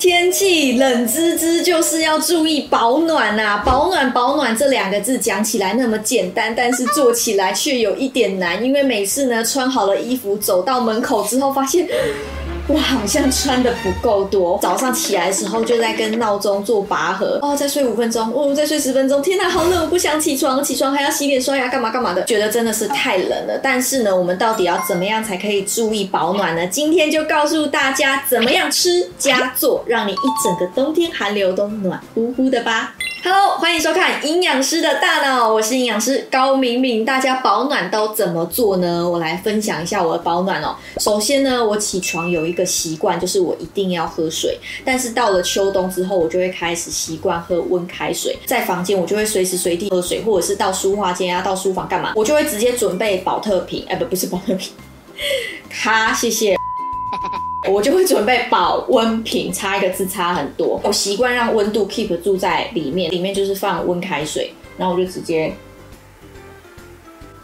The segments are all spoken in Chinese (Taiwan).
天氣冷滋滋，就是要注意保暖啊。保暖、保暖這兩個字講起來那麼簡單，但是做起來卻有一點難，因為每次呢穿好了衣服走到門口之後，發現。我好像穿的不夠多，早上起來的時候就在跟鬧鐘做拔河，哦，再睡五分鐘，哦，再睡十分鐘，天哪，好冷，我不想起床，起床還要洗臉刷牙，幹嘛幹嘛的，覺得真的是太冷了。但是呢，我們到底要怎麼樣才可以注意保暖呢？今天就告訴大家怎麼樣吃加做，讓你一整個冬天寒流都暖乎乎的吧。哈嘍，Hello, 歡迎收看《營養師的大腦》，我是營養師高敏敏。大家保暖都怎麼做呢？我來分享一下我的保暖哦、喔。首先呢，我起床有一個習慣，就是我一定要喝水。但是到了秋冬之後，我就會開始習慣喝溫開水。在房間，我就會隨時隨地喝水，或者是到書畫間啊，到書房幹嘛，我就會直接準備寶特瓶。哎、欸，不，不是寶特瓶。卡，謝謝。我就會準備保溫瓶，差一個字差很多。我習慣讓溫度 keep 住在裡面，裡面就是放溫開水，然後我就直接。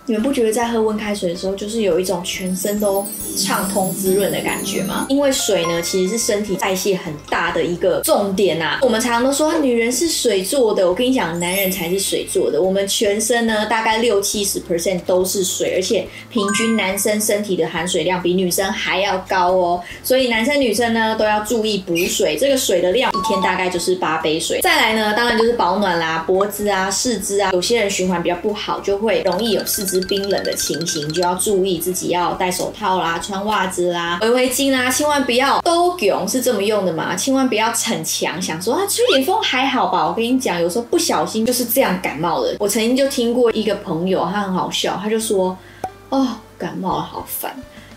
你們不覺得在喝溫開水的時候，就是有一種全身都暢通滋潤的感覺嗎？因為水呢，其實是身體代謝很大的一個重點啊。我們常常都說女人是水做的，我跟你講，男人才是水做的。我們全身呢，大概六七十 percent 都是水，而且平均男生身體的含水量比女生還要高哦。所以男生女生呢，都要注意補水，這個水的量。天大概就是八杯水，再來呢，當然就是保暖啦，啊，脖子啊、四肢啊，有些人循環比較不好，就會容易有四肢冰冷的情形，就要注意自己要戴手套啦、穿襪子啦、圍圍巾啦，千萬不要都囧是這麼用的嘛，千萬不要逞強，想說啊吹點風還好吧。我跟你講，有時候不小心就是這樣感冒的。我曾經就聽過一個朋友，他很好笑，他就說，哦，感冒了好煩。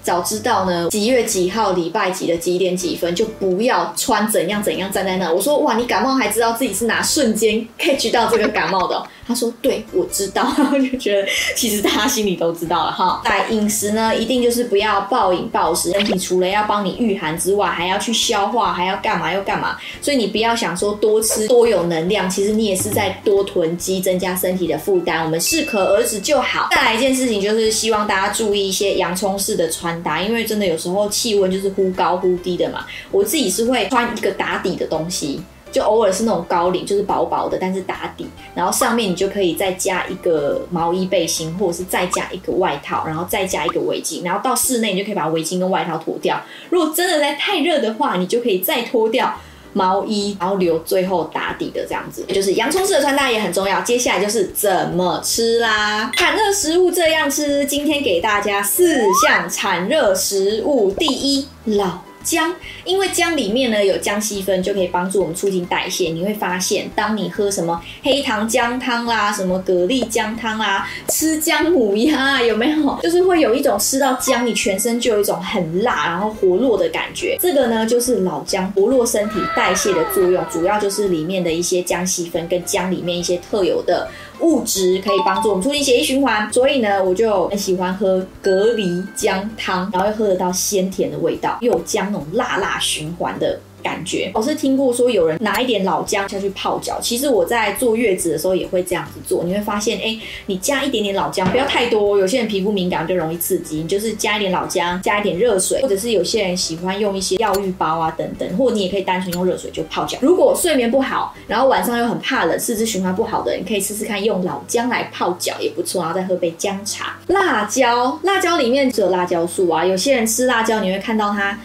早知道呢，幾月幾號，禮拜幾的幾點幾分就不要穿怎樣怎樣站在那。我說哇，你感冒還知道自己是哪瞬間 catch 到這個感冒的？他說對，我知道。我 就覺得其實大家心裡都知道了哈。來，飲食呢，一定就是不要暴飲暴食。身體除了要幫你禦寒之外，還要去消化，還要幹嘛又幹嘛。所以你不要想說多吃多有能量，其實你也是在多囤積，增加身體的負擔。我們適可而止就好。再來一件事情就是希望大家注意一些洋蔥式的穿。因為真的有時候氣溫就是忽高忽低的嘛。我自己是會穿一個打底的東西，就偶爾是那種高領，就是薄薄的，但是打底。然後上面你就可以再加一個毛衣背心，或者是再加一個外套，然後再加一個圍巾。然後到室內你就可以把圍巾跟外套脫掉。如果真的在太熱的話，你就可以再脫掉。毛衣，然後留最後打底的這樣子，也就是洋蔥式的穿搭也很重要。接下來就是怎麼吃啦，產熱食物這樣吃。今天給大家四項產熱食物，第一老。薑，因為薑裡面呢有薑烯酚，就可以幫助我們促進代謝。你會發現，當你喝什麼黑糖薑湯啦、啊，什麼蛤蜊薑湯啦、啊，吃薑母鴨有沒有？就是會有一種吃到薑，你全身就有一種很辣，然後活絡的感覺。這個呢，就是老薑活絡身體代謝的作用，主要就是裡面的一些薑烯酚跟薑裡面一些特有的物質，可以幫助我們促進血液循環。所以呢，我就很喜歡喝蛤蜊薑湯，然後又喝得到鮮甜的味道，又有薑。那種辣辣循環的感覺。我是聽過說有人拿一點老薑下去泡腳，其實我在坐月子的時候也會這樣子做。你會發現，誒、欸，你加一點點老薑，不要太多，有些人皮膚敏感就容易刺激，你就是加一點老薑，加一點熱水，或者是有些人喜歡用一些藥浴包啊等等，或者你也可以單純用熱水就泡腳。如果睡眠不好，然後晚上又很怕冷，四肢循環不好的，你可以試試看用老薑來泡腳也不錯，然後再喝杯薑茶。辣椒，辣椒裡面只有辣椒素啊，有些人吃辣椒你會看到它。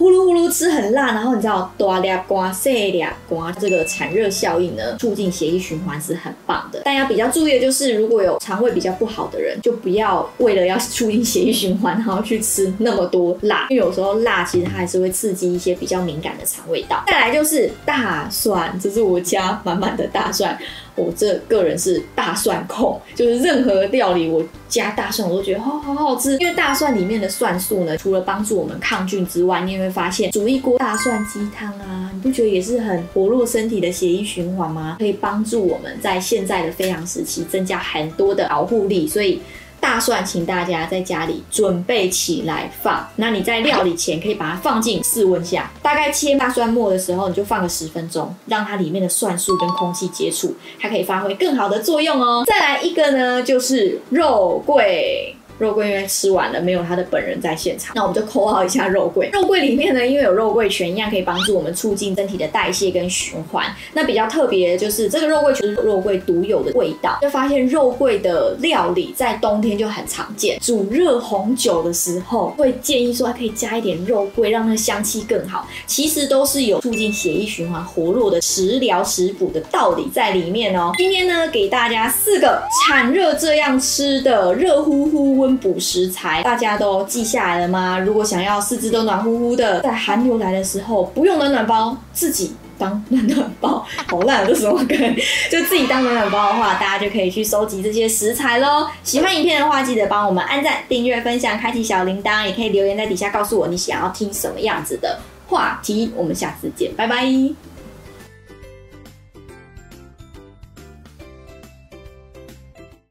呼嚕呼嚕吃很辣，然後你知道多倆瓜少倆瓜，這個產熱效應呢，促進血液循環是很棒的。大家比較注意的就是，如果有腸胃比較不好的人，就不要為了要促進血液循環，然後去吃那麼多辣，因為有時候辣其實它還是會刺激一些比較敏感的腸胃道。再來就是大蒜，這是我家滿滿的大蒜。我這個人是大蒜控，就是任何料理我加大蒜，我都覺得好好好吃。因為大蒜裡面的蒜素呢，除了幫助我們抗菌之外，你有沒有發現煮一鍋大蒜雞湯啊？你不覺得也是很活絡身體的血液循環嗎？可以幫助我們在現在的非常時期增加很多的保護力，所以。大蒜，請大家在家裡準備起來放。那你在料理前，可以把它放進室溫下，大概切大蒜末的時候，你就放個十分鐘，讓它裡面的蒜素跟空氣接觸，它可以發揮更好的作用哦、喔。再來一個呢，就是肉桂。肉桂因為吃完了，沒有它的本人在現場，那我們就摳號一下肉桂。肉桂裡面呢，因為有肉桂醛一樣，可以幫助我們促進身體的代謝跟循環。那比較特別的就是這個肉桂醛是肉桂獨有的味道，就發現肉桂的料理在冬天就很常見，煮熱紅酒的時候會建議說還可以加一點肉桂，讓那個香氣更好。其實都是有促進血液循環、活絡的食療食補的道理在裡面哦、喔。今天呢，給大家四個產熱這樣吃的熱乎乎補食材，大家都記下來了嗎？如果想要四肢都暖乎乎的，在寒流來的時候，不用暖暖包，自己當暖暖包，好爛，這是什麼梗？就自己當暖暖包的話，大家就可以去收集這些食材嘍。喜歡影片的話，記得幫我們按讚、訂閱、分享、開啟小鈴鐺，也可以留言在底下告訴我你想要聽什麼樣子的話題。我們下次見，拜拜。